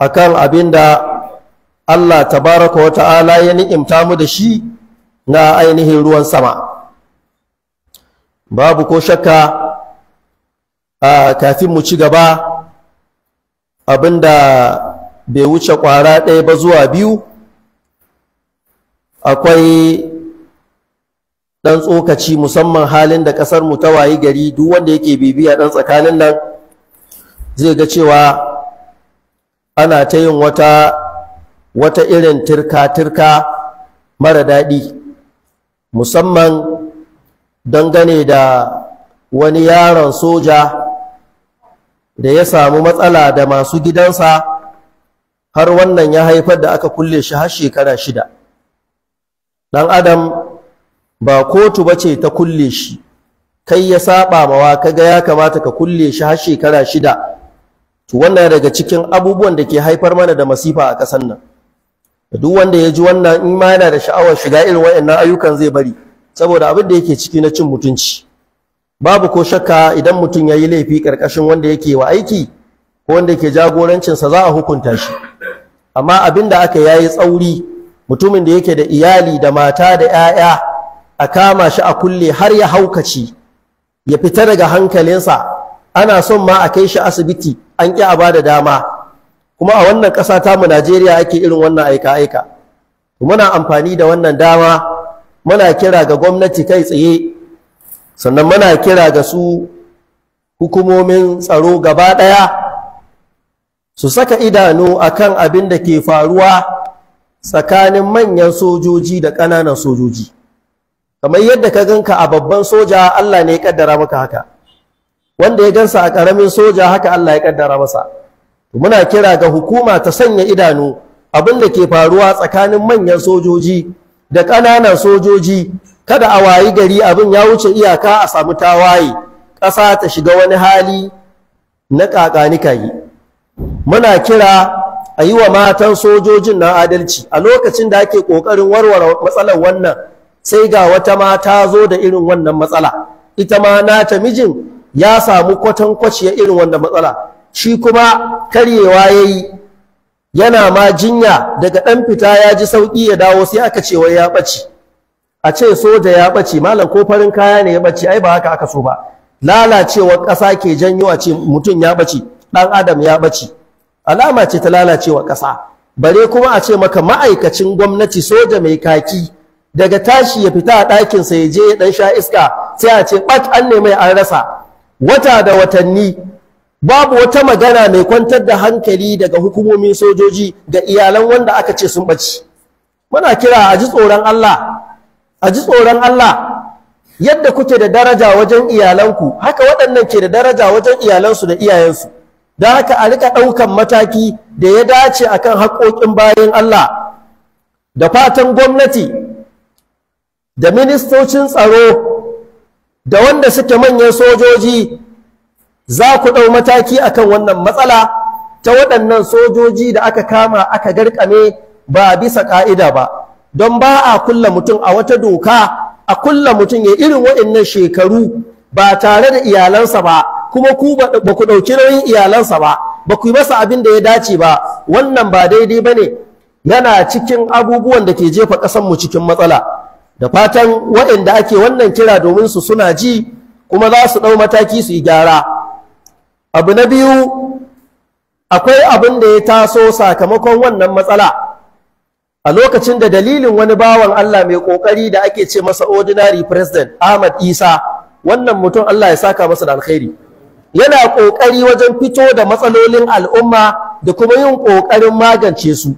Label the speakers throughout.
Speaker 1: akan abin da Allah tabaraka wa ta'ala ya ni'imta mu da shi na ainihin ruwan sama babu ko shakka a kafin mu ci gaba abinda bai wuce ƙwara ɗaya ba zuwa biyu akwai ɗan tsokaci musamman halin da ƙasar mu ta wayi gari duk wanda yake bibiya ɗan tsakanin nan zai ga cewa ana ta yin wata wata irin tirka-tirka mara daɗi musamman dangane da wani yaron soja da ya samu matsala da masu gidansa har wannan ya haifar da aka kulle shi har shekara shida ɗan adam ba kotu ba ce ta kulle shi kai ya saba mawa kaga ya kamata ka kulle shi har shekara shida to wannan daga cikin abubuwan da ke haifar mana da masifa a ƙasar nan duk wanda ya ji wannan in ma yana da sha'awar shiga irin waɗannan ayyukan zai bari saboda abin da yake ciki na cin mutunci babu ko shakka idan mutum ya yi laifi ƙarƙashin wanda yake wa aiki ko wanda yake jagorancinsa za a hukunta shi amma abin da aka yayi tsauri mutumin da yake da iyali da mata da 'ya'ya a kama shi a kulle har ya haukaci ya fita daga hankalinsa ana son ma a kai shi asibiti an ƙi a ba da dama kuma a wannan ƙasa mu Najeriya ake irin wannan aika-aika muna amfani da wannan dama muna kira ga gwamnati kai tsaye sannan muna kira ga su hukumomin tsaro gaba ɗaya su saka idanu akan abin da ke faruwa tsakanin manyan sojoji da ƙananan sojoji kamar yadda ka ganka a babban soja Allah ne ya ƙaddara maka haka wanda ya gansa a ƙaramin soja haka Allah ya ƙaddara masa muna kira ga hukuma ta sanya idanu abin da ke faruwa tsakanin manyan sojoji da ƙananan sojoji kada a wayi gari abin ya wuce iyaka a samu tawaye ƙasa ta shiga wani hali na ƙaƙanika yi muna kira a yi wa matan sojojin na adalci a lokacin da ake ƙoƙarin warware matsalar wannan sai ga wata mata zo da irin wannan matsala ita ma nata mijin ya samu kwaci ya irin wanda matsala shi kuma karyewa ya yi yana ma jinya daga ɗan fita ya ji sauƙi ya dawo sai aka ce wai ya ɓace a ce soja ya ɓace malam ko farin kaya ne ya ɓace ai ba haka aka so ba lalacewar ƙasa ke janyo a ce mutum ya ɓace ɗan adam ya ɓace alama ce ta lalacewar ƙasa bare kuma a ce maka ma'aikacin gwamnati soja mai kaki daga tashi ya fita a ɗakinsa ya je ya ɗan sha iska sai a ce ɓat an nemi an rasa wata da watanni babu wata magana mai kwantar da hankali daga hukumomin sojoji da iyalan wanda aka ce sun ɓaci muna kira a ji tsoron Allah a ji tsoron Allah yadda kuke da daraja wajen iyalanku haka waɗannan ke da daraja wajen iyalansu da iyayensu don haka a rika ɗaukan mataki da ya dace akan haƙoƙin bayan Allah da fatan gwamnati da ministocin tsaro da wanda suke manyan sojoji za ku ɗau mataki akan wannan matsala ta waɗannan sojoji da aka kama aka garkame ba bisa ƙa'ida ba don ba a kulla mutum a wata doka a kulla mutum ya irin waɗannan shekaru ba tare da iyalansa ba kuma ku ba ku ɗauki nauyin iyalansa ba ba ku yi masa abin da ya dace ba wannan ba daidai ba ne yana cikin abubuwan da ke jefa ƙasanmu cikin matsala da fatan waɗanda ake wannan kira domin su suna ji kuma za su ɗau mataki su yi gyara abu na biyu akwai abin da ya taso sakamakon wannan matsala a lokacin da dalilin wani bawan Allah mai ƙoƙari da ake ce masa ordinary president Ahmad Isa wannan mutum Allah ya saka masa da alkhairi yana ƙoƙari wajen fito da matsalolin al'umma da kuma yin ƙoƙarin magance su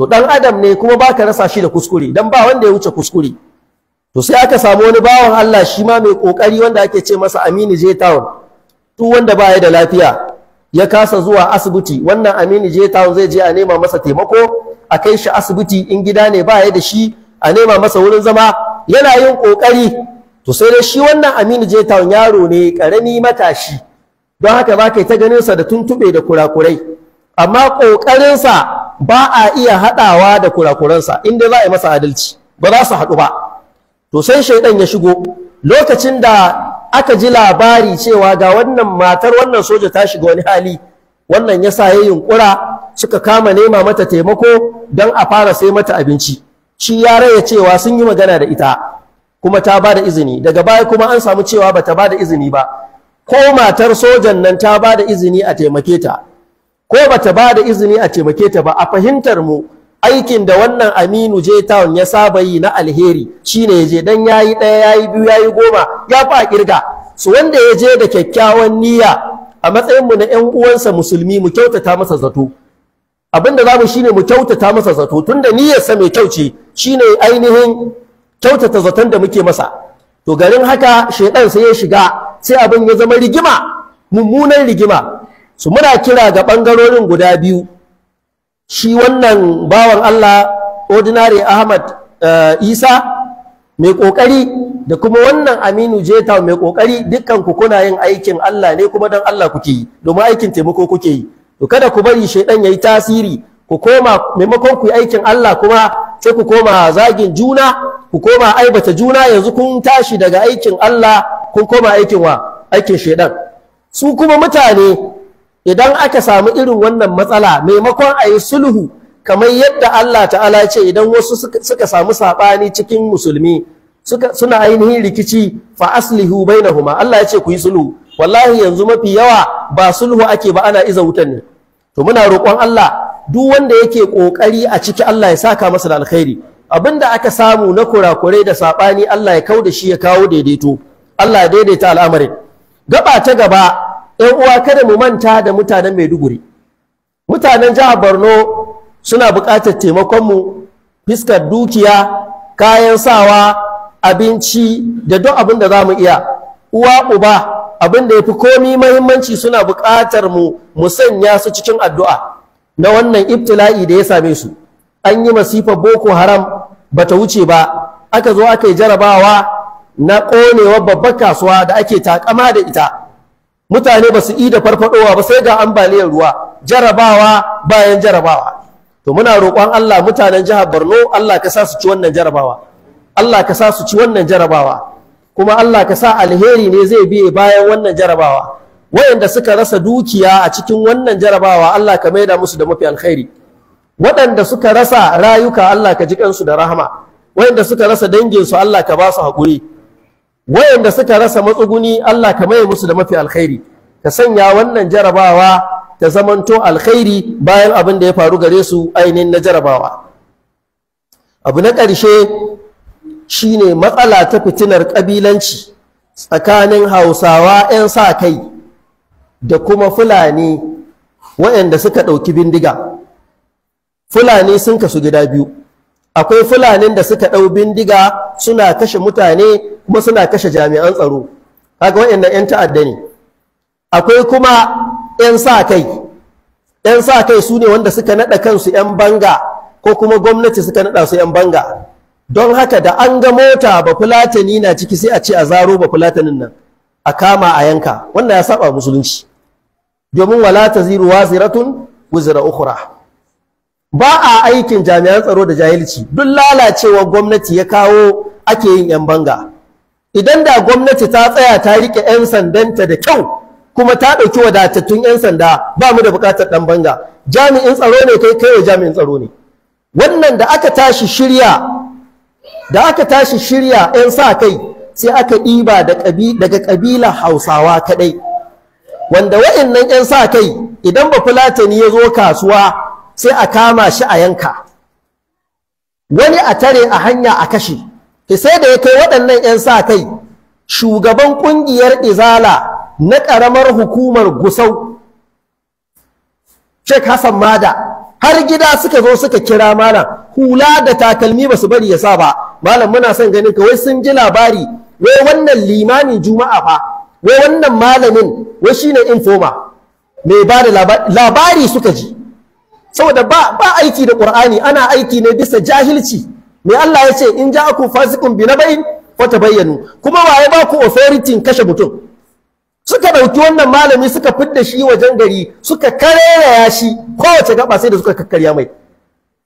Speaker 1: to dan adam ne kuma baka rasa shi da kuskure dan ba wanda ya wuce kuskure to sai aka samu wani bawan Allah shi ma mai kokari wanda ake ce masa Aminu je Town duk wanda ba ya da lafiya ya kasa zuwa asibiti wannan Aminu je Town zai je a nema masa taimako a kai shi asibiti in gida ne ba ya da shi a nema masa wurin zama yana yin kokari to sai dai shi wannan Aminu je Town yaro ne karami matashi don haka ba kai ta ganin sa da tuntube da kurakurai amma kokarin sa ba a iya haɗawa da kurakuransa in za a yi masa adalci ba za su haɗu ba to sai shaidan ya shigo lokacin da aka ji labari cewa ga wannan matar wannan soja ta shiga wani hali wannan ya sa ya yunƙura suka kama nema mata taimako don a fara sai mata abinci shi ya raya cewa sun yi magana da ita kuma ta ba da izini daga baya kuma an samu cewa ba ta ba da izini ba ko matar sojan nan ta ba da izini a taimake ta ko ba ta ba da izini a taimake ta ba a fahimtar mu aikin da wannan Aminu J Town ya saba yi na alheri shine yaje dan yayi daya yayi biyu yayi goma ya fa kirga su wanda ya je da kyakkyawan niyya a matsayin mu na 'yan uwansa musulmi mu kyautata masa zato abinda zamu shine mu kyautata masa zato tunda niyyar sa mai kyau ce shine ainihin kyautata zaton da muke masa to garin haka shedan sai ya shiga sai abin ya zama rigima mummunan rigima su muna kira ga ɓangarorin guda biyu shi wannan bawan Allah ordinary Ahmad eh, Isa mai ƙoƙari da kuma wannan Aminu Jeta mai ƙoƙari dukkan ku kuna yin aikin Allah ne kuma don Allah kuke yi domin aikin taimako kuke yi to kada ku bari shaidan yayi tasiri ku koma maimakon ku yi aikin Allah kuma sai ku koma zagin juna ku koma aibata juna yanzu kun tashi daga aikin Allah kun koma aikin wa aikin shaidan su kuma mutane idan aka samu irin wannan matsala maimakon a yi sulhu kamar yadda Allah ta'ala ce idan wasu suka samu saɓani cikin musulmi suna ainihin rikici fa aslihu bainahuma Allah ya ce ku yi sulhu wallahi yanzu mafi yawa ba sulhu ake ba ana iza wutan ne to muna roƙon Allah duk wanda yake ƙoƙari a ciki Allah ya saka masa da alkhairi abinda aka samu na kurakurai da saɓani Allah ya kau da shi ya kawo daidaito Allah ya daidaita al'amarin gaba ta gaba ‘yan uwa kada mu manta da mutanen Maiduguri mutanen jihar Borno suna buƙatar taimakonmu fiskar dukiya kayan sawa abinci da duk abin da za mu iya uwa uba abin da ya fi komi mahimmanci suna buƙatar mu mu sanya su cikin addu'a na wannan ibtila'i da ya same su an yi masifar boko haram ba ta wuce ba aka zo aka yi jarabawa na ƙonewar babbar kasuwa da ake takama da ita mutane ba su yi da farfadowa ba sai ga ambaliyar ruwa jarabawa bayan jarabawa to muna roƙon Allah mutanen jihar Borno Allah ka sa su ci wannan jarabawa Allah ka sa su ci wannan jarabawa kuma Allah ka sa alheri ne zai biye bayan wannan jarabawa wayanda suka rasa dukiya a cikin wannan jarabawa Allah ka maida musu da mafi alkhairi waɗanda suka rasa rayuka Allah ka ji kansu da rahama wayanda suka rasa dangin su Allah ka ba su haƙuri wayanda suka rasa matsuguni Allah ka maye musu da mafi alkhairi ka sanya wannan jarabawa ta zamanto alkhairi bayan abin da ya faru gare su ainihin na jarabawa abu na ƙarshe shine matsala ta fitinar ƙabilanci tsakanin hausawa 'yan sa kai da kuma fulani wayanda suka ɗauki bindiga fulani sun kasu gida biyu akwai fulanin da suka ɗau bindiga suna kashe mutane kuma suna kashe jami'an tsaro kaga waɗannan 'yan ta'adda ne akwai kuma 'yan sa kai 'yan sa kai su ne wanda suka naɗa kansu 'yan banga ko kuma gwamnati suka naɗa su 'yan banga don haka da an ga mota ba fulatani na ciki sai a ce a zaro ba fulatanin nan a kama a yanka wannan ya saba musulunci domin wala ziru, waziratun wuzira ukhra ba a aikin jami'an tsaro da jahilci duk lalacewa gwamnati ya kawo ake yin 'yan banga idan da gwamnati ta tsaya ta rike 'yan sandanta da kyau kuma ta ɗauki wadatattun 'yan sanda ba mu da buƙatar ɗan banga jami'in tsaro ne kai kai jami'in tsaro ne wannan da aka tashi shirya da aka tashi shirya 'yan sa kai sai aka ɗiba daga ƙabila hausawa kaɗai wanda wa'annan 'yan sa kai idan ba fulatani ya zo kasuwa sai a kama shi a yanka wani a tare a hanya a kashe sai da ya kai waɗannan 'yan sa kai shugaban ƙungiyar izala na ƙaramar hukumar gusau Sheikh Hassan Mada har gida suka zo suka kira malam hula da takalmi ba su bari ya sa ba malam muna son ganin ka wai sun ji labari wai wannan limamin juma'a fa wai wannan malamin wai shine informa mai ba da labari suka ji saboda ba ba aiki da qur'ani ana aiki ne bisa jahilci me Allah ya ce in ja'akum fasiqun binaba'in fatabayyanu kuma waye ba ku authority kashe mutum suka dauki wannan malami suka fidda shi wajen gari suka kareraya shi kowace gaba sai da suka kakkarya mai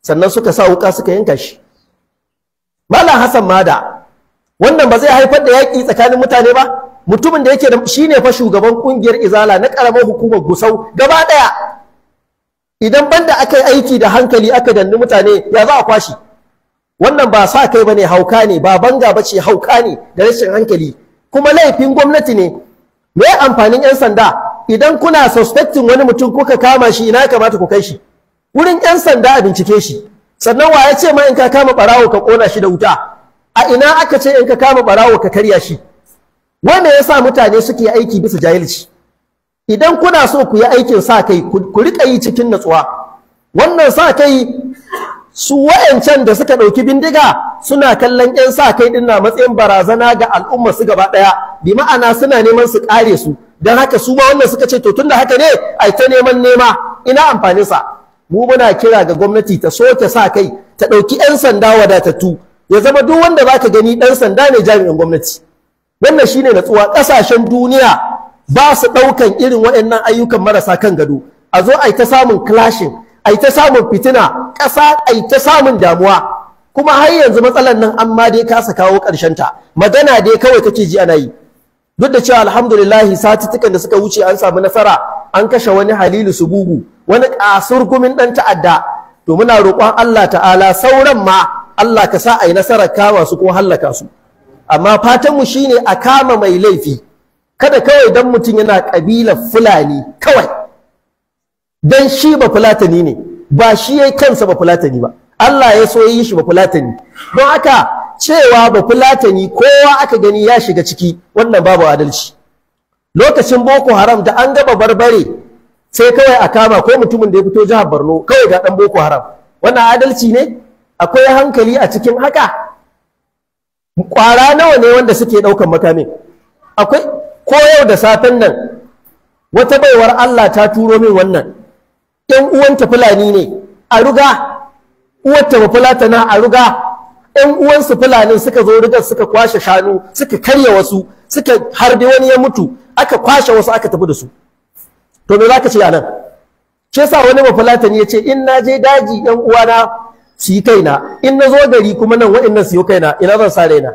Speaker 1: sannan suka sa wuka suka yanka shi malam Hassan Mada wannan ba zai haifar da yaƙi tsakanin mutane ba mutumin da yake da shine fa shugaban kungiyar izala na karamar hukumar Gusau gaba ɗaya. idan banda aka yi aiki da hankali aka danni mutane ya za a kwashi wannan ba sa kai bane hauka ne ba banga bace hauka ne da rashin hankali kuma laifin gwamnati ne me amfanin yan sanda idan kuna suspecting wani mutum kuka kama shi ina kamata ku kai shi wurin yan sanda a bincike shi sannan wa ya ce ma in ka kama barawo ka kona shi da wuta a ina aka ce in ka kama barawo ka karya shi wanda yasa mutane suke aiki bisa jahilci idan kuna so ku yi aikin sa kai ku rika yi cikin natsuwa wannan sa kai su wayancan da suka ɗauki bindiga suna kallon 'yan sa kai ɗin na matsayin barazana ga al'umma su gaba ɗaya bi ma'ana suna neman su kare su don haka su ma wannan suka ce to da haka ne ai ta neman nema ina amfanin sa mu muna kira ga gwamnati ta soke sa kai ta ɗauki 'yan sanda wadatattu ya zama duk wanda zaka gani ɗan sanda ne jami'in gwamnati wannan shine natsuwa ƙasashen duniya ba su ɗaukan irin waɗannan ayyukan marasa kan gado a zo a yi ta samun clashing, a yi ta samun fitina ƙasa a yi ta samun damuwa kuma har yanzu matsalar nan an ma dai kasa kawo ta magana dai kawai kake ji ana yi duk da cewa alhamdulillah satitukan da suka wuce an samu nasara an kashe wani halilu subugu wani gumin dan ta'adda to muna roƙon Allah ta'ala sauran ma Allah ka sa a yi nasarar kama su ko hallaka su amma fatanmu shine a kama mai laifi kada kawai dan mutum yana ƙabilar fulani kawai dan shi ba fulatani ne ba shi yayi kansa ba fulatani ba Allah ya so yi shi ba fulatani don haka cewa ba fulatani kowa aka gani ya shiga ciki wannan babu adalci lokacin boko haram da an gaba barbare sai kawai a kama ko mutumin da ya fito jihar barno kawai ga dan boko haram wannan adalci ne akwai hankali a cikin haka kwara nawa ne wanda suke daukan makamin akwai ko yau da safen nan wata baiwar Allah ta turo min wannan ɗan uwanta fulani ne a ruga uwarta ba na a ruga ɗan uwansu fulani suka zo rigar suka kwashe shanu suka karya wasu suka harbi wani ya mutu aka kwashe wasu aka tafi da su to me zaka ce a nan Ke sa wani ne ya ce in na je daji ɗan uwana su yi kaina in na zo gari kuma nan waɗannan su yi kaina ina zan sa raina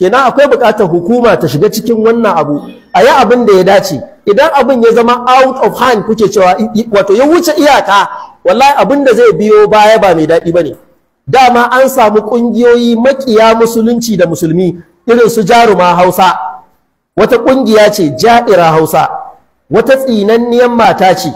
Speaker 1: kenan akwai buƙatar hukuma ta shiga cikin wannan abu a yi abin da ya dace idan abin ya zama out of hand kuke cewa wato ya wuce iyaka wallahi abin da zai biyo baya ba mai daɗi ba ne dama an samu ƙungiyoyi maƙiya musulunci da musulmi irin su jaruma hausa wata ƙungiya ce ja'ira hausa wata tsinanniyar mata ce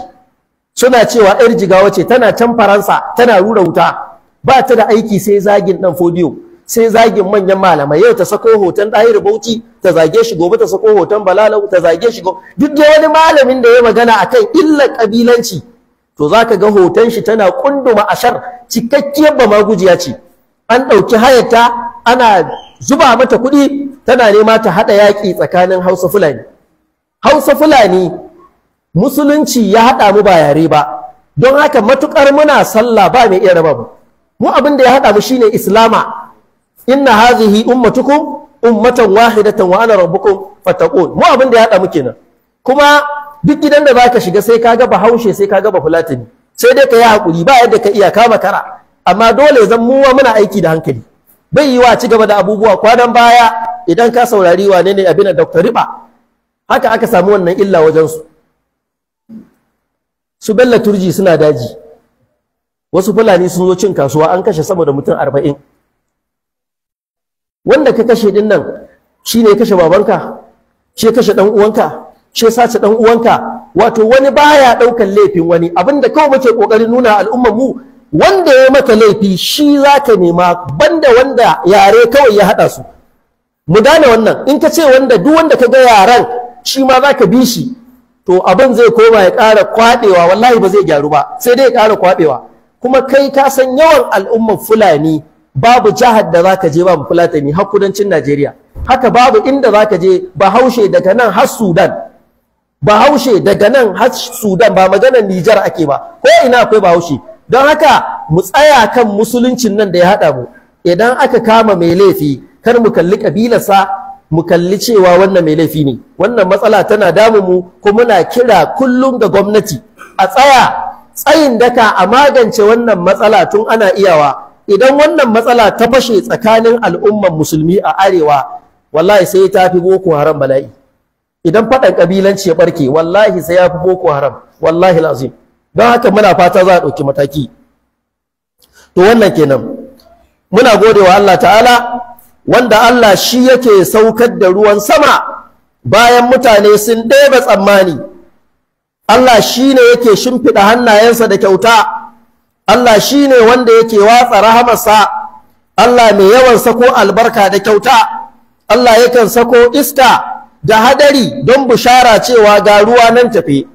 Speaker 1: suna cewa yar jigawa ce tana can faransa tana rura wuta ba ta da aiki sai zagin ɗan fodiyo sai zagin manyan malamai yau ta sako hoton ɗahir bauchi ta zage shi gobe ta sako hoton balala ta zage shi duk da wani malamin da ya magana akan illar kabilanci, to zaka ga hoton shi tana kunduma ashar cikakkiyar ba magujiya ce an ɗauki hayata ana zuba mata kuɗi tana nema ta haɗa yaƙi tsakanin hausa fulani hausa fulani musulunci ya haɗa mu ba yare ba don haka matuƙar muna sallah ba mai iya raba mu mu abin da ya haɗa mu shine islama inna hazihi ummatukum ummatan wahidatan wa ana rabbukum fattaqun mu abin da ya hada muke nan. kuma duk gidan da zaka shiga sai ka ga bahaushe sai ka ga bafulatani sai dai ka yi hakuri ba yadda ka iya kama kara amma dole zan wa muna aiki da hankali bai yi wa ci gaba da abubuwa kwanan baya idan ka saurari wane ne abin da riba haka aka samu wannan illa wajen su su bella turji suna daji wasu fulani sun zo cin kasuwa an kashe sama da mutum arba'in wanda ka kashe din nan shi ne kashe babanka shi kashe ɗan'uwanka, uwanka shi sace ɗan'uwanka, wato wani baya ɗaukan laifin wani Abin da kawai muke ƙoƙarin nuna al'ummar mu wanda ya mata laifi shi za ka nema banda wanda yare kawai ya haɗa su mu dana wannan in ka ce wanda duk wanda ka ga yaran shi ma za ka bi shi to abin zai koma ya ƙara kwaɗewa wallahi ba zai gyaru ba sai dai ya ƙara kwaɗewa kuma kai ka san yawan al'ummar fulani babu jihar da zaka je babu fulatani har kudancin Najeriya haka babu inda zaka je bahaushe daga nan har Sudan bahaushe daga nan har Sudan ba maganar Nijar ake ba ko ina akwai bahaushe don haka mu tsaya kan musuluncin nan da ya haɗa mu idan aka kama mai laifi kar mu kalli ƙabilarsa mu kalli cewa wannan mai laifi ne wannan matsala tana damu mu ko muna kira kullum ga gwamnati a tsaya tsayin daka a magance wannan matsala tun ana iyawa idan wannan matsala ta fashe tsakanin al'umman musulmi a arewa wallahi sai ta fi boko haram bala'i idan faɗan ƙabilanci ya barke, wallahi sai ya fi boko haram wallahi lazim don haka muna fata za a ɗauki mataki to wannan kenan muna gode wa Allah ta'ala wanda Allah shi yake saukar da ruwan sama bayan mutane sun ɗebe tsammani Allah shi ne yake shimfiɗa hannayensa da kyauta Allah shi ne wanda yake watsa rahamarsa Allah mai yawan sako albarka da kyauta Allah yakan sako iska da hadari don bushara cewa ga ruwa nan tafe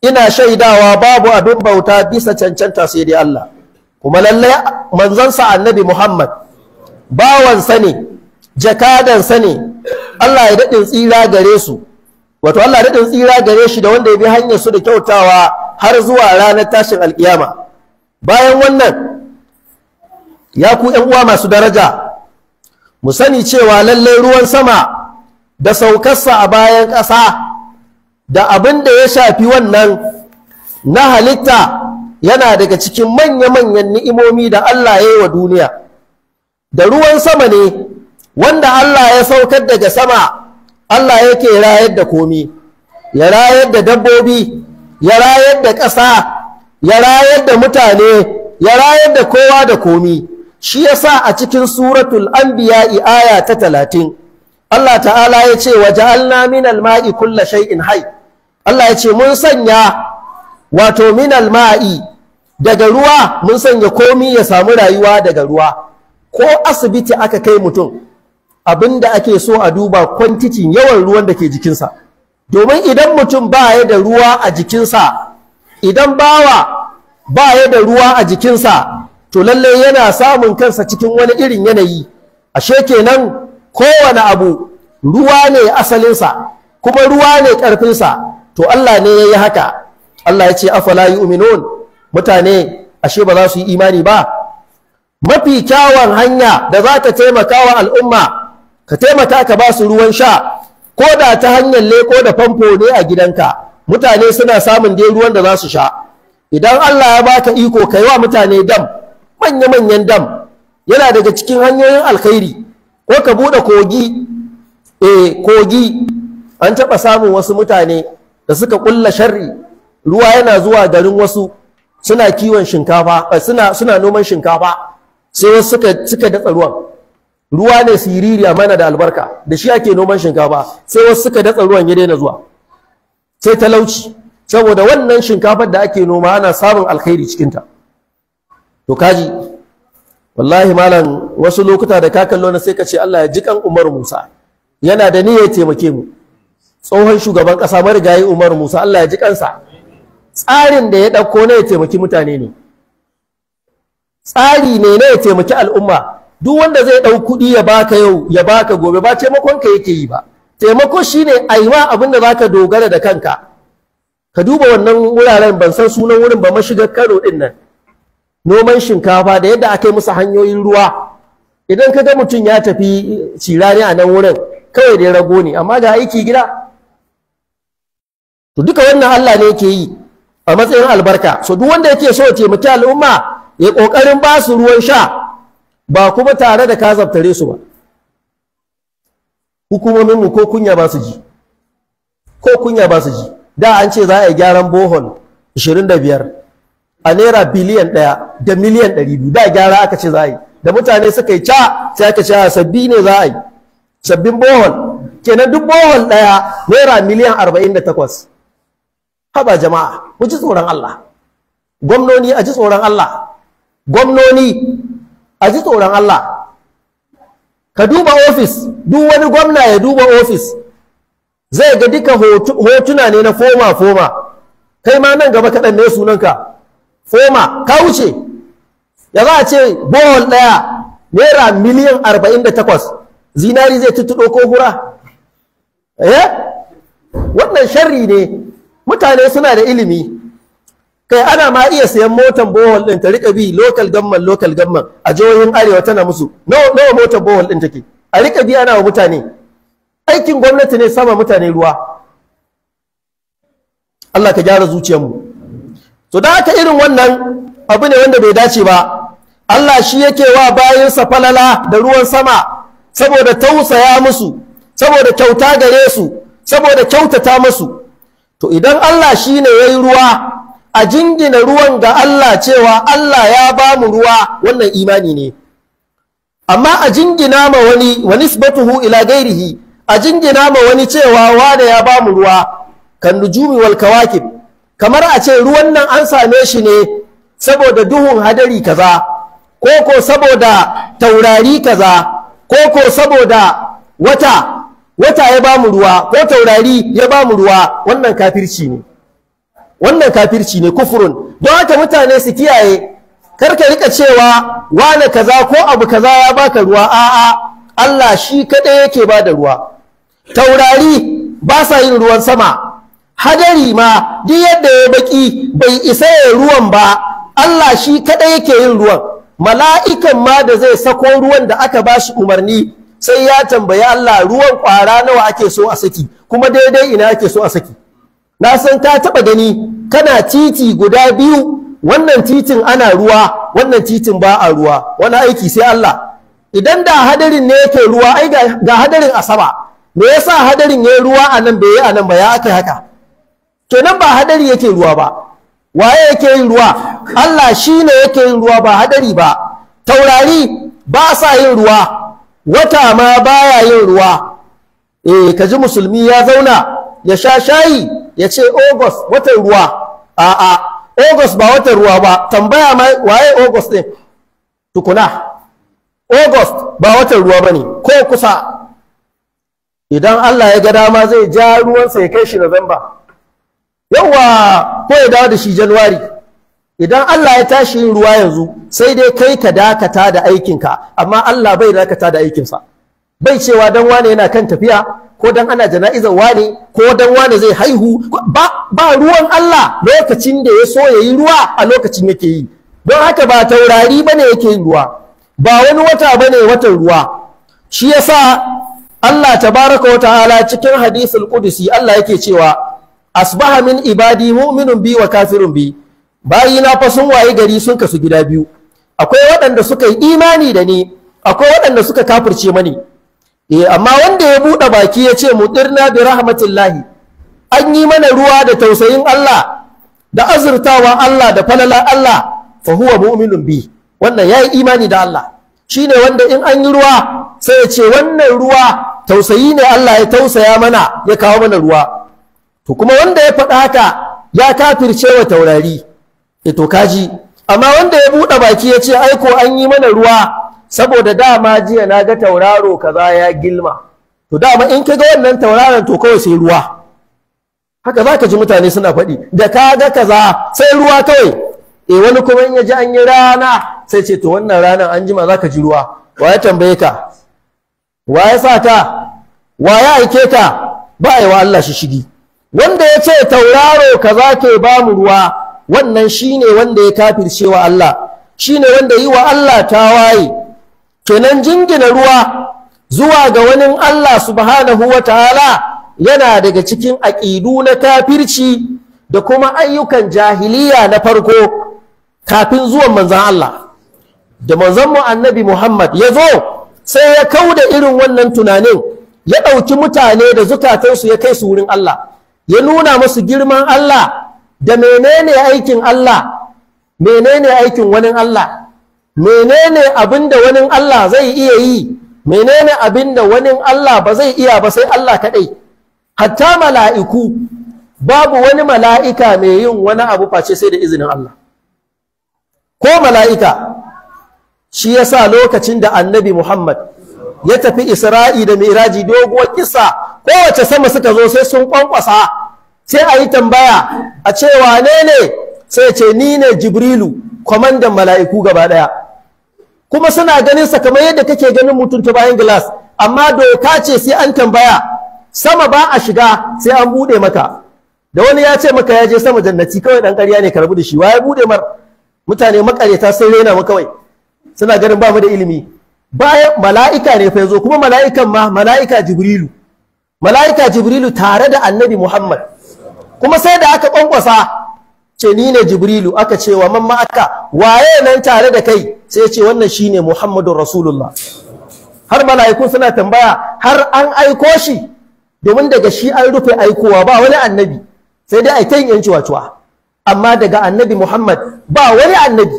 Speaker 1: ina shaidawa babu abin bauta bisa cancanta sai dai Allah kuma lallai manzansa annabi Muhammad bawansa ne jakadansa ne Allah ya daɗin tsira gare su wato Allah daɗin tsira gare shi da wanda ya bi hanyar su da kyautawa har zuwa ranar tashin alkiyama bayan wannan ya ku uwa masu daraja mu sani cewa lallai ruwan sama da saukarsa a bayan ƙasa da abin da ya shafi wannan na halitta yana daga cikin manya-manyan ni'imomi da Allah ya yi wa duniya da ruwan sama ne wanda Allah ya saukar daga sama Allah yake rayar da komi ya rayar da dabbobi ya rayar da ƙasa ya rayar da mutane ya rayar da kowa da komi shi yasa a cikin suratul biya aya ta talatin Allah ta'ala ya ce wa ja'alna minal ma'i kulla shay'in hayy Allah ya ce mun sanya wato minal ma'i daga ruwa mun sanya komi ya samu rayuwa daga ruwa ko asibiti aka kai mutum abinda ake so a duba kwantitin yawan ruwan da ke jikinsa domin idan mutum ba ya da ruwa a jikinsa idan bawa ba ya da ruwa a jikinsa to lalle yana samun kansa cikin wani irin yanayi ashe kenan kowane abu ruwa ne asalinsa kuma ruwa ne ƙarfinsa to Allah ne ya yi haka Allah ya ce afala yu'minun mutane ashe ba za su yi imani ba mafi kyawun hanya da za ka taimaka wa al'umma ka taimaka ka ba su ruwan sha ko da ta hanyar leko da famfo ne a gidanka mutane suna samun dai ruwan da za su sha idan Allah ya baka iko kai wa mutane dam manya-manyan dam yana daga cikin hanyoyin alkhairi ko ka buɗe kogi eh kogi an taɓa samun wasu mutane da suka ƙulla sharri ruwa yana zuwa garin wasu suna kiwon shinkafa eh, suna suna noman shinkafa sai wasu suka suka datsa ruwan ruwa ne siriri mana da albarka da shi ake noman shinkafa sai wasu suka datsa ruwan ya daina zuwa sai talauci saboda wannan shinkafar da ake noma ana samun alkhairi cikinta to kaji wallahi malam wasu lokuta da ka kallo na sai ka ce Allah ya ji Umar Musa yana da niyyar taimake mu tsohon shugaban kasa marigayi Umar Musa Allah ya ji sa. tsarin da ya dauko ne ya taimaki mutane ne tsari ne ne ya taimaki al'umma duk wanda zai dau kuɗi ya baka yau ya baka gobe ba taimakon ka yake yi ba taimako shine ma abin da zaka dogara da kanka ka duba wannan wuraren ban san sunan wurin ba mashigar Kano din nan noman shinkafa da yadda aka yi musu hanyoyin ruwa idan ka ga mutum ya tafi ne a nan wurin kawai da ya rago ne amma ga aiki gida to duka wannan Allah ne yake yi a matsayin albarka so duk wanda yake so ya taimaki al'umma ya kokarin ba su ruwan sha ba kuma tare da ka zabtare su ba hukumomin mu ko kunya ba su ji ko kunya ba su ji da an ce za a yi gyaran bohol 25 a naira biliyan ɗaya da miliyan 200 da gyara aka ce za a yi da mutane suka yi ca sai aka ce a sabbi ne za a yi sabbin bohol kenan duk bohol ɗaya naira miliyan 48 haba jama'a mu ji tsoron Allah gwamnoni a ji tsoron Allah gwamnoni a ji tsoron Allah ka duba ofis duk wani gwamna ya duba ofis zai ga duka hotuna ne na foma foma kai ma nan gaba kaɗan ne sunanka foma ka wuce ya za a ce bohol ɗaya naira miliyan arba'in da takwas zinari zai tuttuɗo ko hura eh wannan sharri ne mutane suna da ilimi kai ana ma iya sayan motan bohol din ta rika bi local government local government a jihohin arewa tana musu nawa no, motan bohol din take a rika bi ana wa mutane aikin gwamnati ne sama mutane ruwa Allah ka gyara zuciyarmu to da haka irin wannan abu ne wanda bai dace ba Allah shi yake wa bayansa falala da ruwan sama saboda tausaya musu saboda kyauta gare su saboda kyautata musu to idan Allah shi ne ya ruwa a jingina ruwan ga Allah cewa Allah ya ba mu ruwa wannan imani ne amma a jingina ma wani wa nisbatuhu ila gairihi a jingina ma wani cewa wane ya ba mu ruwa kan nujumi wal kawakib kamar a ce ruwan nan an same shi ne saboda duhun hadari kaza ko ko saboda taurari kaza ko ko saboda wata wata ya ba mu ruwa ko taurari ya ba mu ruwa wannan kafirci ne wannan kafirci ne kufurun don haka mutane su kiyaye karka rika cewa wane kaza ko abu kaza ya baka ruwa a'a Allah shi kaɗai yake ba da ruwa taurari ba sa yin ruwan sama hadari ma duk yadda ya baki bai isa ya ruwan ba Allah shi kaɗai yake yin ruwan mala'ikan ma da zai sako ruwan da aka ba shi umarni sai ya tambayi Allah ruwan ƙwara nawa ake so a saki kuma daidai ina ake so a saki na san ta taɓa gani kana titi guda biyu wannan titin ana ruwa wannan titin ba a ruwa wani aiki sai Allah idan da hadarin ne yake ruwa ai ga hadarin asaba me yasa hadarin yayi ruwa a nan bai yi a nan ba ya aka haka To nan ba hadari yake ruwa ba waye yake yin ruwa Allah shine yake yin ruwa ba hadari ba taurari ba sa yin ruwa wata ma baya yin ruwa eh kaji musulmi ya zauna ya sha shayi ya ce August watan ruwa a'a August ba watan ruwa ba tambaya mai waye August ne tukuna August ba watan ruwa ba ne, ko kusa idan Allah ya ga dama zai ja ruwansa ya kai shi November yawa ko ya dawo da shi January idan Allah ya tashi yin ruwa yanzu sai dai kai ka dakata da aikinka amma Allah bai dakata da aikinsa bai cewa dan wane yana kan tafiya ko dan ana jana'izar wane ko dan wane zai haihu ba ruwan Allah lokacin da ya so yayi ruwa a lokacin yake yi don haka ba taurari bane yake yin ruwa ba wani wata bane watan ruwa shi yasa Allah tabaraka wa ta'ala cikin hadisul qudsi Allah yake cewa asbaha min ibadi mu'minun bi wa kafirun bi bayina fa sun waye gari sun kasu gida biyu akwai waɗanda suka yi imani da ni akwai waɗanda suka kafirce mani eh amma wanda ya buɗe baki ya ce dirna bi rahmatillahi an yi mana ruwa da tausayin Allah da azurtawa Allah da falala Allah fa huwa mu'minun bi wannan yayi imani da Allah shine wanda in an yi ruwa sai ya ce wannan ruwa tausayi ne Allah ya tausaya mana ya kawo mana ruwa to kuma wanda ya faɗa haka ya kafirce wa taurari e to kaji amma wanda ya buɗe baki ya ce aiko an yi mana ruwa saboda dama jiya na ga tauraro kaza ya gilma to dama in ka ga wannan tauraron to kawai sai ruwa haka za ka ji mutane suna faɗi da ka ga kaza sai ruwa kawai e wani kuma in ya ji an yi rana sai ce to wannan ranar an jima za ka ji ruwa wa ya tambaye ka wa ya sa ta wa ya aike ka ba a yi wa Allah shi shigi wanda ya ce tauraro kaza ke ba mu ruwa wannan shine wanda ya kafircewa Allah shine wanda yi wa Allah tawaye kenan jingina ruwa zuwa ga wani Allah subhanahu wa ta'ala yana daga cikin aƙidu na kafirci da kuma ayyukan jahiliya na farko kafin zuwan manzan Allah da manzanmu annabi Muhammad ya zo sai ya kauda irin wannan tunanin ya ɗauki mutane da zukatansu ya kai su wurin Allah ya nuna musu girman Allah da menene aikin Allah menene aikin wani Allah menene abin da wani Allah zai iya yi menene abin da wani Allah ba zai iya ba sai Allah kaɗai hatta mala'iku babu wani mala'ika mai yin wani abu face sai da izinin Allah ko mala'ika shi yasa lokacin da annabi Muhammad ya tafi Isra'i da Miraji doguwar kisa kowace sama suka zo sai sun kwankwasa sai ayi tambaya a ce wane ne sai ce ni ne Jibrilu kwamandan mala'iku gaba ɗaya kuma suna ganin sa kamar yadda kake ganin mutum ta bayan glass amma doka ce sai an tambaya sama ba a shiga sai an bude maka da wani ya ce maka ya je sama jannati kawai dan ƙarya ne karbu da shi wa ya bude mar mutane makareta sai rena mu kawai suna ganin ba mu da ilimi bayan mala'ika ne fa yazo kuma mala'ikan ma mala'ika jibrilu mala'ika jibrilu tare da annabi muhammad kuma sai da aka kwankwasa ce ni ne jibrilu aka ce wa man waye nan tare da kai sai ce wannan shine muhammadur rasulullah har mala'iku suna tambaya har an aiko shi domin daga shi an rufe aikowa ba wani annabi sai dai aikin yanci ciwaciwa amma daga annabi muhammad ba wani annabi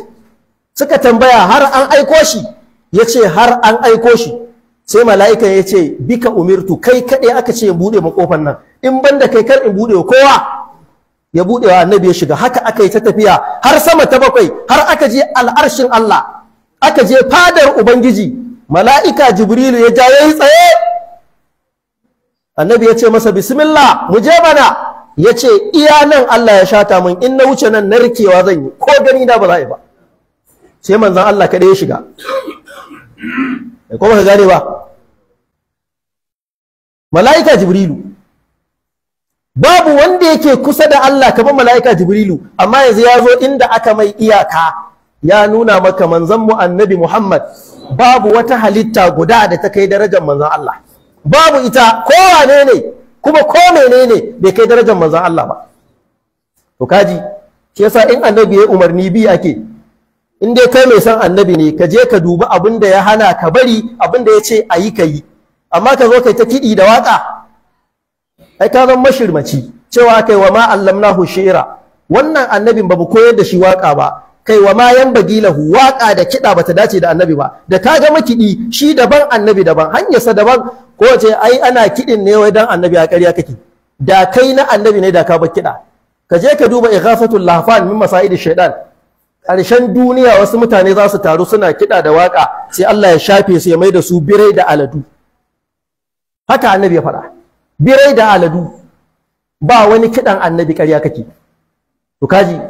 Speaker 1: suka tambaya har an aiko shi ya ce har an aiko shi sai mala'ika ya ce bika umirtu kai kaɗai aka ce in buɗe makofan nan in banda kai kar in buɗe kowa ya buɗe wa annabi ya shiga haka aka yi ta tafiya har sama ta bakwai har aka je al'arshin Allah aka je fadar ubangiji mala'ika jibrilu ya ja yayi tsaye annabi ya ce masa bismillah mu je bana ya ce iya nan Allah ya shata min in na wuce nan narkewa zan yi ko gani na ba za ba sai manzon Allah kaɗai ya shiga ko ba ka gane ba mala'ika jibrilu babu wanda yake kusa da Allah kamar mala'ika Jibrilu amma yanzu ya zo inda aka mai iyaka ya nuna maka manzon mu annabi Muhammad babu wata halitta guda da ta kai darajar manzon Allah babu ita kowane ne kuma ko menene bai kai darajar manzon Allah ba to kaji shi yasa in annabi ya umarni bi ake in dai kai mai son annabi ne ka je ka duba abin da ya hana ka bari abin da ya ce ayi yi ka yi amma ka zo kai ta kiɗi da waka ai ta zama mashirmaci cewa kai wa ma allamnahu shi'ra wannan annabin ba mu koyar da shi waka ba kai wa ma yan bagilahu waka da kida bata dace da annabi ba da ka ga makidi shi daban annabi daban hanyarsa daban ko ce ai ana kidin ne wai dan annabi a ƙarya kake da kai na annabi ne da ka ba kida ka je ka duba ighafatul lahfan min masaidi shaiɗan. ƙarshen duniya wasu mutane za su taru suna kida da waka sai Allah ya shafe su ya mai da su birai da aladu haka annabi ya faɗa birai da aladu ba wani kidan annabi ƙarya kake to kaji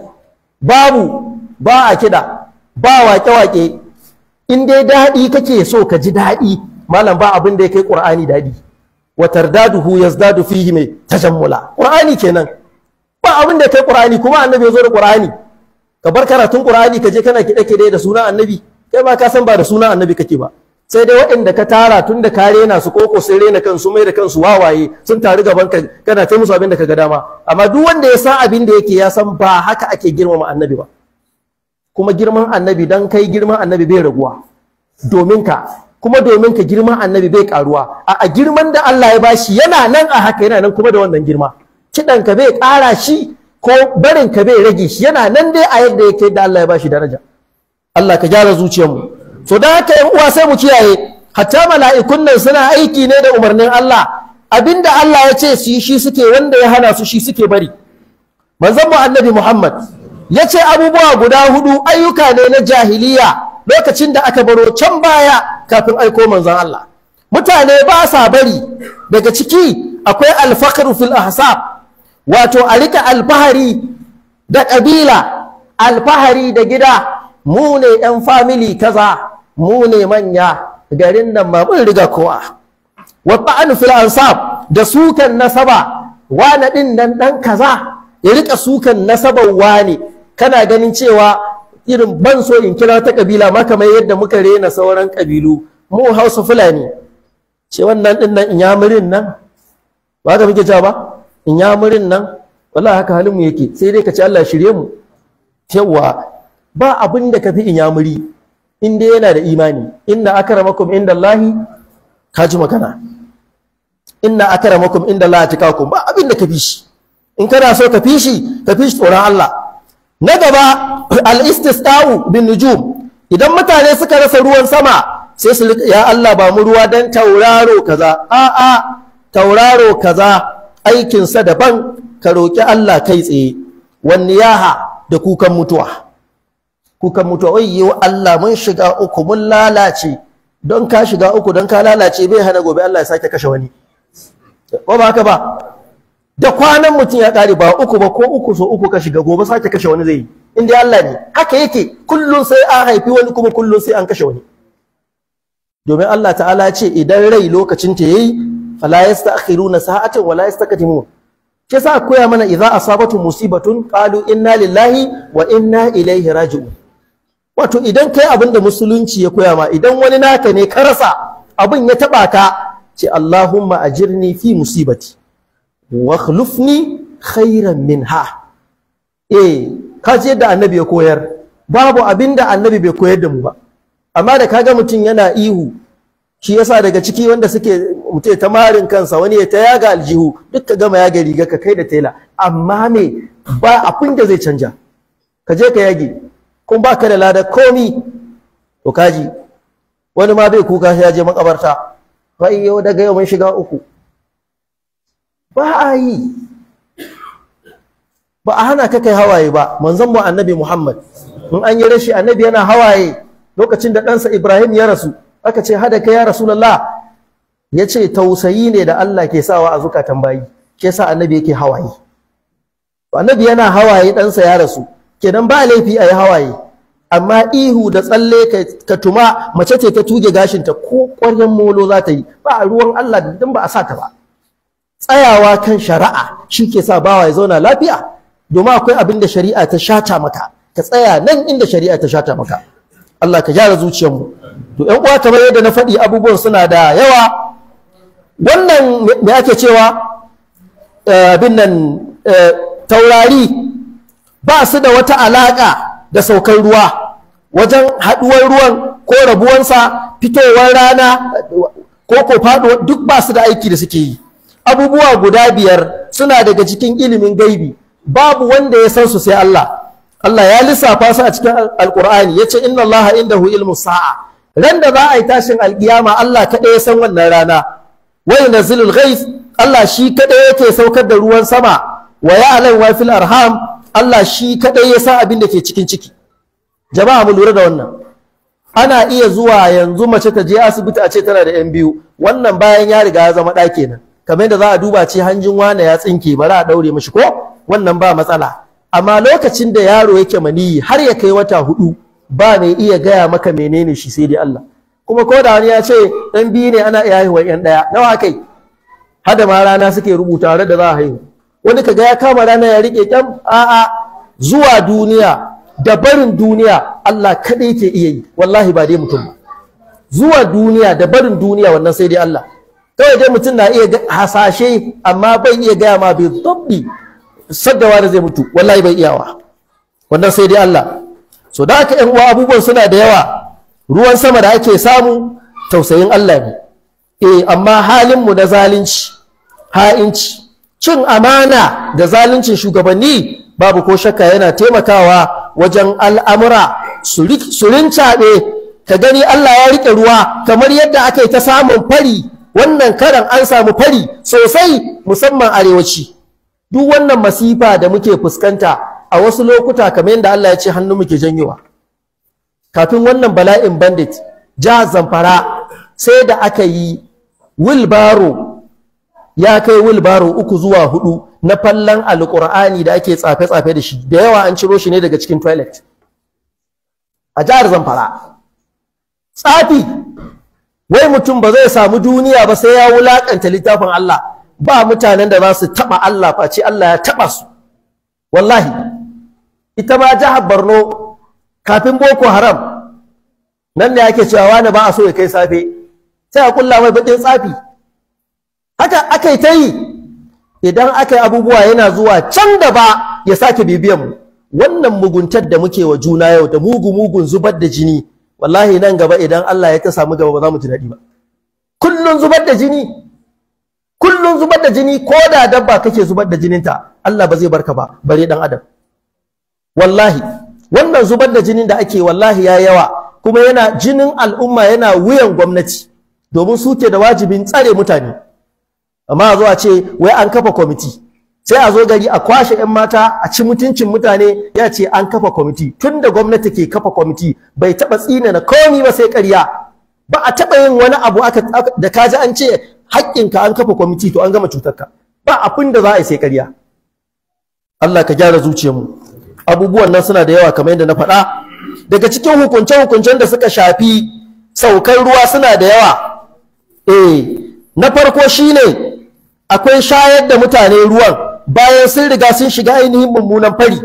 Speaker 1: babu ba a kida ba wake-wake. in dai daɗi kake so ka ji daɗi malam ba abin da ya kai ƙur'ani daɗi wa tardaduhu yazdadu fihi mai tajammula ƙur'ani kenan ba abin da ya kai ƙur'ani kuma annabi ya zo da ƙur'ani ka bar karatun ƙur'ani ka je kana kiɗe-kiɗe da sunan annabi kai ma ka san ba da sunan annabi kake ba sai dai waɗanda ka tara tun da ka rena su koko sai rena kansu mai da kansu wawaye sun taru gaban ka kana ta musu abin da ka ga dama amma duk wanda ya san abin da yake ya san ba haka ake girmama annabi ba kuma girman annabi dan kai girman annabi bai raguwa domin ka kuma domin ka girman annabi bai karuwa a girman da Allah ya bashi yana nan a haka yana nan kuma da wannan girma kidan ka bai kara shi ko barin ka bai rage shi yana nan dai a yadda yake da Allah ya bashi daraja Allah ka gyara zuciyarmu so da haka yan uwa sai mu kiyaye hatta mala'ikun nan suna aiki ne da umarnin Allah abinda Allah ya ce su yi shi suke wanda ya hana su shi suke bari manzon mu annabi Muhammad ya ce abubuwa guda hudu ayyuka ne na jahiliya lokacin da aka baro can baya kafin aiko manzon Allah mutane ba sa bari daga ciki akwai alfakaru fil ahsab wato a rika alfahari da kabila alfahari da gida mu ne 'yan famili kaza mu ne manya garin nan ma mun riga kowa wa ba'an fil ansab da sukan nasaba wani din nan dan kaza ya rika sukan nasabar wani kana ganin cewa irin ban so in kira ta kabila ma kamar yadda muka rena sauran kabilu mu hausa fulani ce wannan din nan inyamurin nan ba ka muke cewa ba inyamurin nan wallahi haka halin mu yake sai dai ka ce Allah shirye mu cewa ba abin da ka fi inyamuri in dai yana da imani inna akramakum ka ji magana inna akramakum ta atqakum ba abin da fi shi in kana so ka fi shi ka fi shi tsoron Allah na gaba al-istisqa'u bin nujum idan mutane suka rasa ruwan sama sai su ya Allah ba mu ruwa dan tauraro kaza a a tauraro kaza aikinsa daban ka roki Allah kai tsaye wanniyaha da kukan mutuwa kuka mutu wayyo Allah mun shiga uku mun lalace don ka shiga uku don ka lalace bai hana gobe Allah ya sake kashe wani ko ba haka ba da kwanan mutum ya kare ba uku ba ko uku so uku ka shiga gobe sake kashe wani zai yi in dai Allah ne haka yake kullum sai an haifi wani kuma kullum sai an kashe wani domin Allah ta'ala ce idan rai lokacin ta yayi fala yasta'khiruna sa'atan wala yastaqdimun ke sa koya mana idza asabatu musibatun qalu inna lillahi wa inna ilaihi raji'un wato idan kai abin da musulunci ya koya ma idan wani naka ne ka rasa abin ya taba ka ce Allahumma ajirni fi musibati wa khlufni khairan minha eh ka ji da annabi ya koyar babu abin da annabi bai koyar da mu ba amma da kaga mutum yana ihu shi yasa daga ciki wanda suke mutum ta marin kansa wani ya ta yaga aljihu duk ka gama yaga riga ka kai da tela amma me ba abin da zai canja ka je ka yage kun baka da lada komi to kaji wani ma bai kuka sai ya je makabarta fa yau daga yau mun shiga uku ba a yi ba a hana ka kai hawaye ba manzon mu annabi Muhammad in an yi rashi annabi yana hawaye lokacin da ɗansa Ibrahim ya rasu aka ce hada ka ya Rasulullah ya ce tausayi ne da Allah ke sawa a zukatan bayi ke sa annabi yake hawaye annabi yana hawaye ɗansa ya rasu kenan ba laifi a yi hawaye amma ihu da tsalle ka tuma mace ce ta tuge gashinta ko ƙwarin molo za ta yi ba a ruwan Allah da dan ba a sa ta ba tsayawa kan shari'a shi ke sa bawa ya zauna lafiya domin akwai abin da shari'a ta shata maka ka tsaya nan inda shari'a ta shata maka Allah ka gyara zuciyarmu to ƴan uwa kamar yadda na faɗi abubuwan suna da yawa wannan me ake cewa eh, bin eh, taurari ba su da wata alaƙa da saukar ruwa wajen haɗuwar ruwan ko rabuwansa fitowar rana ko ko faɗo duk ba su da aiki da suke yi abubuwa guda biyar suna daga cikin ilimin gaibi babu wanda ya san su sai Allah Allah ya lissafa su a cikin Alƙur'ani. ya ce inna Allah indahu ilmu sa'a ran da za a yi tashin alkiyama Allah kaɗai ya san wannan rana na zilul gais? Allah shi kaɗai yake saukar da ruwan sama wa ya'lamu wa fil arham Allah shi kadai ya san abin da ke cikin ciki jama'a mu lura da wannan ana iya zuwa yanzu mace ta je asibiti a ce tana da yan biyu wannan bayan ya riga ya zama ɗa kenan kamar yadda za a duba ce hanjin wane ya tsinke ba za a daure mishi ko wannan ba matsala amma lokacin da yaro yake maniyi har ya kai wata hudu ba mai iya gaya maka menene shi sai dai Allah kuma ko da wani ya ce ɗan biyu ne ana iya haihuwar 'yan ɗaya nawa kai hada ma rana suke rubuta da za a haihu wani kaga ya kama rana ya rike kyam a'a zuwa duniya da barin duniya Allah kadai yake iya yi wallahi ba dai mutum ba zuwa duniya da barin duniya wannan sai dai Allah kawai dai mutum na iya hasashe amma bai iya gaya ma bai dabbi saddawa da zai mutu wallahi bai iyawa wannan sai dai Allah so da aka yan uwa abubuwan suna da yawa ruwan sama da ake samu tausayin Allah ne eh amma halin mu na zalunci ha'inci cin amana da zaluncin shugabanni babu ko shakka yana taimakawa wajen al'amura su rincaɓe ka gani Allah ya riƙe ruwa kamar yadda aka yi ta samun fari wannan karan an samu fari sosai musamman arewaci duk wannan masifa da muke fuskanta a wasu lokuta kamar yadda Allah ya ce hannu muke janyowa kafin wannan bala'in bandit jihar zamfara sai da aka yi wilbaro ya kai wilbaro uku zuwa hudu na fallan alkur'ani da ake tsafe-tsafe da shi da yawa an ciro shi ne daga cikin toilet a jihar zamfara tsafi wai mutum ba zai samu duniya ba sai ya wulaƙanta littafin Allah ba mutanen da za su taba Allah face Allah ya taɓa su wallahi ita ma jihar Borno kafin Boko Haram nan ne ake cewa wani ba a so ya kai safe sai a kulla mai bakin tsafi haka aka yi ta yi idan aka yi abubuwa yana zuwa can da ba ya sake bibiyan mu wannan muguntar da muke wa juna yau da mugu mugun zubar da jini wallahi nan gaba idan Allah ya ta samu gaba ba za mu ji daɗi ba kullun zubar da jini kullun zubar da jini ko da dabba kake zubar da jininta Allah ba zai barka ba bare dan adam wallahi wannan zubar da jinin da ake wallahi ya yawa kuma yana jinin al'umma yana wuyan gwamnati domin su ke da wajibin tsare mutane amma a zo a ce wai an kafa kwamiti sai a zo gari a kwashe 'yan mata a ci mutuncin mutane ya ce an kafa kwamiti tun da gwamnati ke kafa kwamiti bai taɓa tsina na komi ba sai ƙarya ba a taɓa yin wani abu da ka ji an ce haƙƙinka an kafa kwamiti to an gama cutarka ba abin da za a yi sai ƙarya Allah ka gyara zuciyarmu abubuwan nan suna da yawa kamar yadda na faɗa daga cikin hukunce-hukuncen da suka shafi saukar ruwa suna da yawa eh na farko shine akwai shayar da mutane ruwan bayan sun riga sun shiga ainihin mummunan fari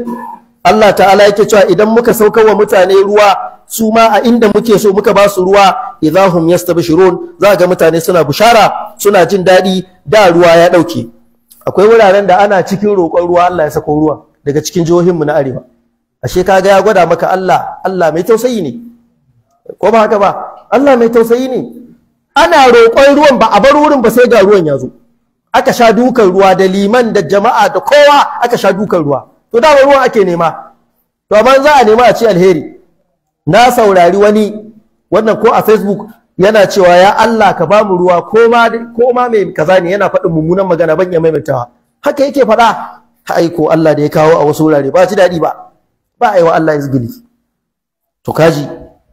Speaker 1: Allah ta'ala yake cewa idan muka saukar wa mutane ruwa su ma a inda muke so muka ba su ruwa idahum yastabshirun za ga mutane suna bushara suna jin daɗi da ruwa ya ɗauke akwai wuraren da ana cikin roƙon ruwa Allah ya sako ruwa daga cikin jihohinmu na arewa ashe kaga ya gwada maka Allah Allah mai tausayi ne ko ba haka ba Allah mai tausayi ne ana roƙon ruwan ba a bar wurin ba sai ga ruwan ya zo aka sha dukan ruwa da liman da jama'a da kowa aka sha dukan ruwa to dama ruwan ake nema to amma za a nema a ci alheri na saurari wani wannan ko a facebook yana cewa ya Allah ka bamu ruwa ko ma ko ma mai kaza ne yana faɗin mummunan magana ban ya maimaitawa haka yake faɗa aiko Allah da ya kawo a wasu wurare ba ji daɗi ba ba a yi wa Allah izgili to kaji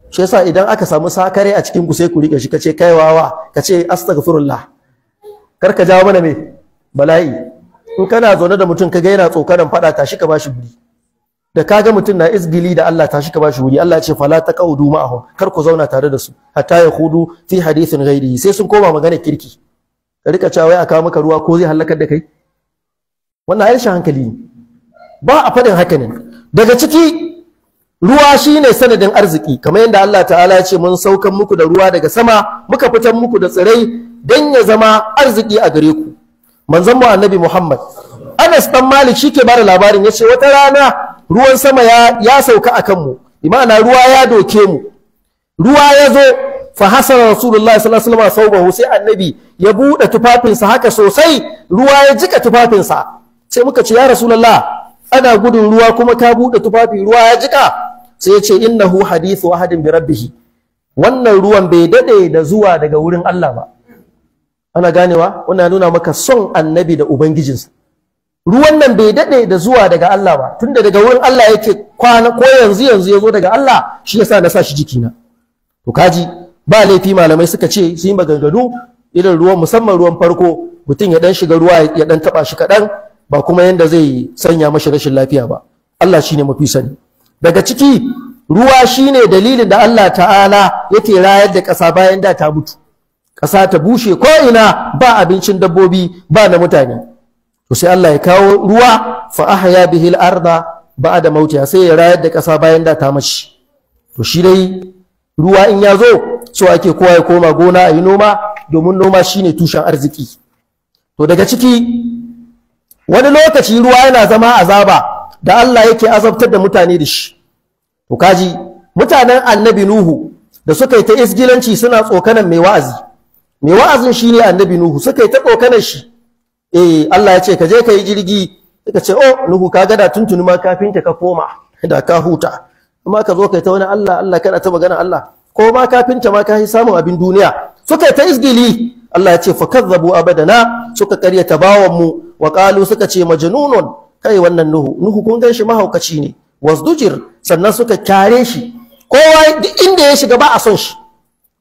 Speaker 1: shi yasa idan aka samu sakare a cikin ku sai ku rike shi kace kai wawa kace astaghfirullah kar ka jawo mana me bala'i in kana zaune da mutum kaga yana tsokanan fada tashi ka bashi guri da kaga mutum na izgili da Allah tashi ka bashi wuri Allah ya ce fala taqudu ma'ahum kar ku zauna tare da su hatta yahudu fi hadithin ghairi sai sun koma magana kirki ka rika cewa wai aka maka ruwa ko zai halakar da kai wannan ayyashin hankali ne ba a fadin haka ne daga ciki ruwa shine sanadin arziki kamar yadda Allah ta'ala ya ce mun saukan muku da ruwa daga sama muka fitar muku da tsirai dan ya zama arziki a gare ku manzon mu annabi Muhammad Anas dan Malik shike bada labarin yace wata rana ruwan sama ya ya sauka akan mu imana ruwa ya doke mu ruwa ya zo fa hasana rasulullahi sallallahu alaihi wasallam sauba sai annabi ya bude tufafinsa haka sosai ruwa ya jika tufafinsa sai muka ce ya rasulullah ana gudun ruwa kuma ka bude tufafi ruwa ya jika sai ya ce innahu hadithu ahadin bi rabbihi wannan ruwan bai dade da zuwa daga wurin Allah ba ana ganewa wannan nuna maka son annabi da ubangijinsa ruwan nan bai dade da zuwa daga Allah ba tunda daga wurin Allah yake kwana ko yanzu yanzu ya zo daga Allah shi yasa na sa shi jikina to kaji ba laifi malamai suka ce su yi maganganu irin ruwan musamman ruwan farko mutum ya dan shiga ruwa ya dan taba shi kadan ba kuma yanda zai sanya mashi rashin lafiya ba Allah shine mafi sani daga ciki ruwa shine dalilin da Allah ta'ala ya ke rayar da ƙasa bayan da ta mutu ƙasa ta bushe ko ina ba abincin dabbobi ba na mutane to sai Allah ya kawo ruwa fa ahya bihil arda da mautiya sai ya rayar da ƙasa bayan da ta mashi to shi dai ruwa in ya zo so ake kowa ya koma gona a yi noma domin noma shine tushen arziki to daga ciki wani lokaci ruwa yana zama azaba da Allah yake azabtar da mutane da shi to kaji mutanen annabi nuhu da suka yi ta isgilanci suna tsokanan mai wa'azi mai wa'azin shine annabi nuhu suka yi ta tsokanan shi eh Allah ya ce ka je ka jirgi suka ce oh nuhu ka gada tuntuni ma kafinta ka koma da ka huta amma ka zo kai ta wani Allah Allah kana ta magana Allah ko ma kafinta ma ka yi samun abin duniya suka yi ta isgili Allah ya ce fa kazzabu abadana suka karyata bawan mu wa qalu suka ce majnunun kai wannan nuhu nuhu kun gan shi mahaukaci ne wasdujir sannan suka kyare shi kowa duk inda ya shiga ba a son shi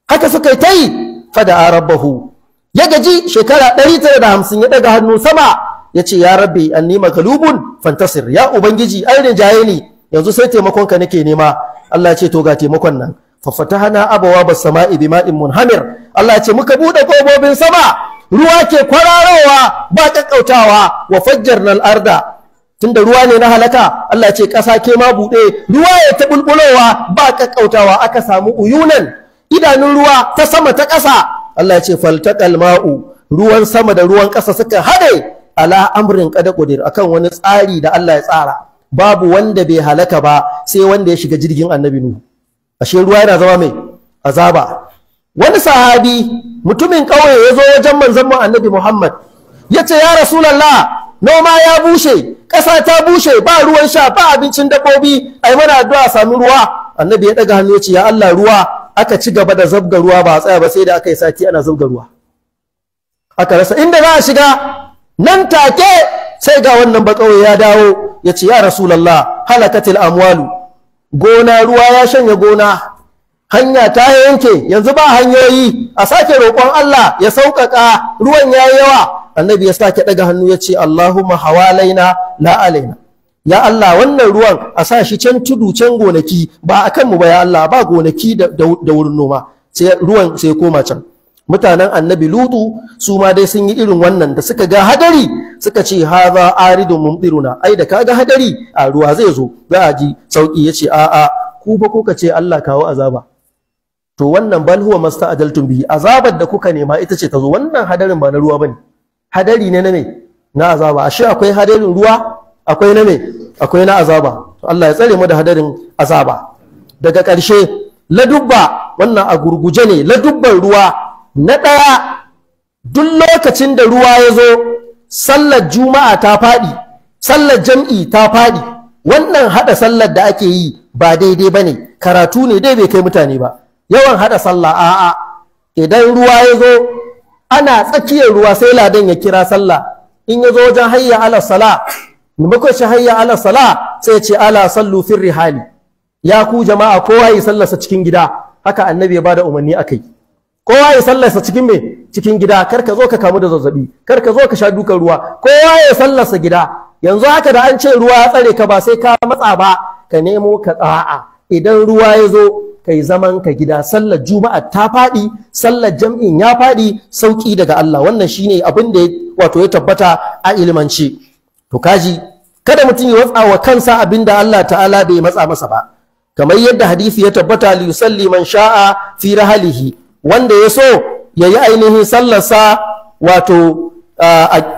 Speaker 1: haka suka yi ta yi fada rabbahu ya gaji shekara 150 ya daga hannu sama ya ce ya rabbi anni galubun fantasir ya ubangiji an jaye ni yanzu sai taimakon ka nake nema Allah ce to ga taimakon nan fafatahana abawa sama'i bima'in munhamir Allah ce muka buɗe kobobin sama ruwa ke kwararowa ba kakkautawa wa fajjarnal arda tunda ruwa ne na halaka Allah ce ƙasa ke ma buɗe ruwa ya ta bulbulowa ba ƙaƙƙautawa aka samu uyunan idanun ruwa ta sama ta ƙasa Allah ce faltaqal ma'u ruwan sama da ruwan ƙasa suka haɗe ala amrin qad qadir akan wani tsari da Allah ya tsara babu wanda bai halaka ba sai wanda ya shiga jirgin annabi nuhu ashe ruwa yana zama mai azaba wani sahabi mutumin ƙauye ya zo wajen manzon annabi Muhammad ya ce ya rasulallah noma ya bushe ƙasa ta bushe ba ruwan sha ba abincin dabbobi ai mana addu'a samu ruwa annabi ya daga hannu ya ce ya Allah ruwa aka ci gaba da zabga ruwa ba a tsaya ba sai da aka yi sati ana zabga ruwa aka rasa inda za a shiga nan take sai ga wannan bakawai ya dawo ya ce ya rasulallah halakatil amwalu gona ruwa ya shanya gona hanya ta yanke yanzu ba hanyoyi a sake roƙon Allah ya sauƙaƙa ruwan ya yawa annabi ya sake daga hannu ya ce Allahumma hawalaina la alaina ya Allah wannan ruwan a sa shi can tudu can gonaki ba a kanmu ba ya Allah ba gonaki da wurin noma sai ruwan sai koma can mutanen annabi lutu su ma dai sun yi irin wannan da suka ga hadari suka ce haza aridun mumdiruna ai da kaga hadari a ruwa zai zo za a ji sauki yace a a ku ba kuka ce Allah kawo azaba to wannan bal huwa masta'ajaltum bi azabar da kuka nema ita ce ta zo wannan hadarin ba na ruwa bane hadari ne na me na azaba ashe akwai hadarin ruwa akwai na me akwai na azaba Allah ya tsare mu da hadarin azaba daga ƙarshe ladubba wannan a gurguje ne ladubban ruwa na ɗaya duk lokacin da ruwa ya zo sallar juma'a ta faɗi sallar jam'i ta faɗi wannan haɗa sallar da ake yi ba daidai ba ne karatu ne dai bai kai mutane ba yawan haɗa sallah a'a idan ruwa ya zo ana tsakiyar ruwa sai ladan ya kira sallah in ya zo wajen hayya ala sala maimakon shi hayya ala sala sai ce ala sallu fi rihali ya ku jama'a kowa ya sallarsa cikin gida haka annabi ya bada umarni akai kowa ya sallarsa cikin me cikin gida kar ka zo ka kamu da zazzabi kar ka zo ka sha dukan ruwa kowa ya sallarsa gida yanzu haka da an ce ruwa ya tsare ka ba sai ka matsa ba ka nemo ka tsa'a idan ruwa ya zo kai zaman ka gida sallar juma'a ta faɗi sallar jam'in ya faɗi sauƙi daga Allah wannan shine abin da wato ya tabbata a ilimance to kaji kada mutum ya watsa wa kansa abin da Allah ta'ala bai matsa masa ba kamar yadda hadisi ya tabbata li yusalli man sha'a fi rahalihi wanda ya so ya yi ainihin sallarsa wato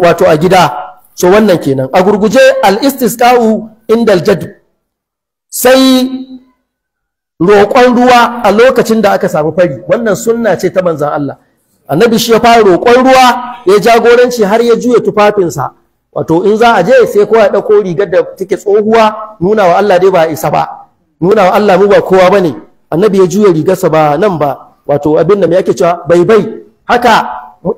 Speaker 1: wato a gida so wannan kenan a gurguje al-istisqa'u indal jadd sai roƙon ruwa a lokacin da aka samu fari wannan sunna ce ta manzan Allah annabi shi ya fara roƙon ruwa ya jagoranci har ya juya tufafinsa wato in za a je sai kowa ya ɗauko rigar da take tsohuwa nuna wa Allah dai ba isa ba nuna wa Allah mu ba kowa bane annabi ya juya rigarsa ba nan ba wato abin da me yake cewa bai bai haka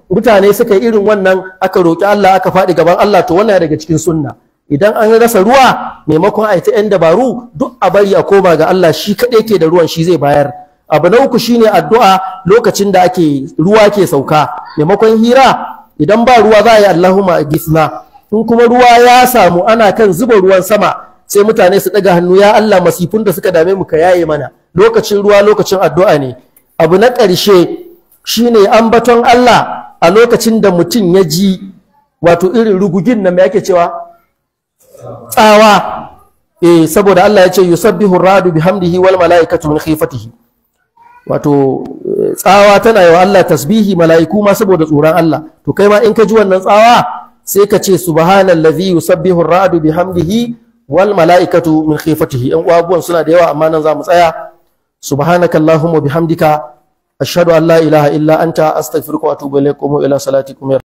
Speaker 1: mutane suka yi irin wannan aka roƙi Allah aka faɗi gaban Allah to wannan daga cikin sunna idan an rasa ruwa maimakon a ta 'yan dabaru duk a bari a koma ga Allah shi kaɗai ke da ruwan shi zai bayar abu na uku shine addu'a lokacin da ake ruwa ke sauka maimakon hira idan ba ruwa za a yi Allahumma agisna in kuma ruwa ya samu ana kan zuba ruwan sama sai mutane su ɗaga hannu ya Allah masifun da suka dame mu ka yaye mana lokacin ruwa lokacin addu'a ne abu na ƙarshe shine ambaton Allah a lokacin da mutum ya ji wato irin rugugin nan me ake cewa tsawa eh saboda Allah ya ce yusabbihu radu bihamdihi wal malaikatu min khifatihi wato eh, tsawa tana yi wa Allah tasbihi mala'iku ma saboda tsoron Allah to kai ma in ka ji wannan tsawa sai ka ce subhanallazi yusabbihu radu bihamdihi wal mala'ikatu min khifatihi an uwa suna da yawa amma nan za mu tsaya subhanaka allahumma bihamdika ashhadu an la ilaha illa anta astaghfiruka wa atubu ilaykum ila salatikum